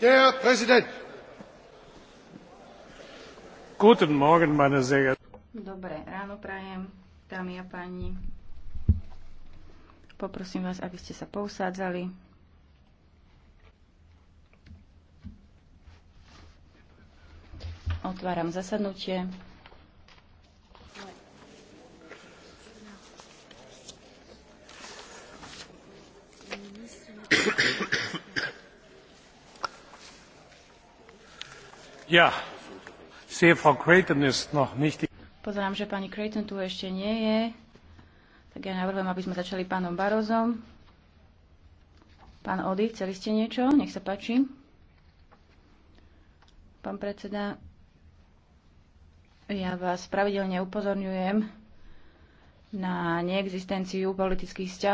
herr präsident! guten morgen meine sehr geehrten Dobré ráno prajem, dámy a páni. Poprosím vás, aby ste sa pousádzali. Otváram zasadnutie. Pozerám, že pani Creighton tu ešte nie je. Tak ja navrhujem, aby sme začali pánom Barozom. Pán Ody, chceli ste niečo? Nech sa páči. Pán predseda, ja vás pravidelne upozorňujem na neexistenciu politických vzťahov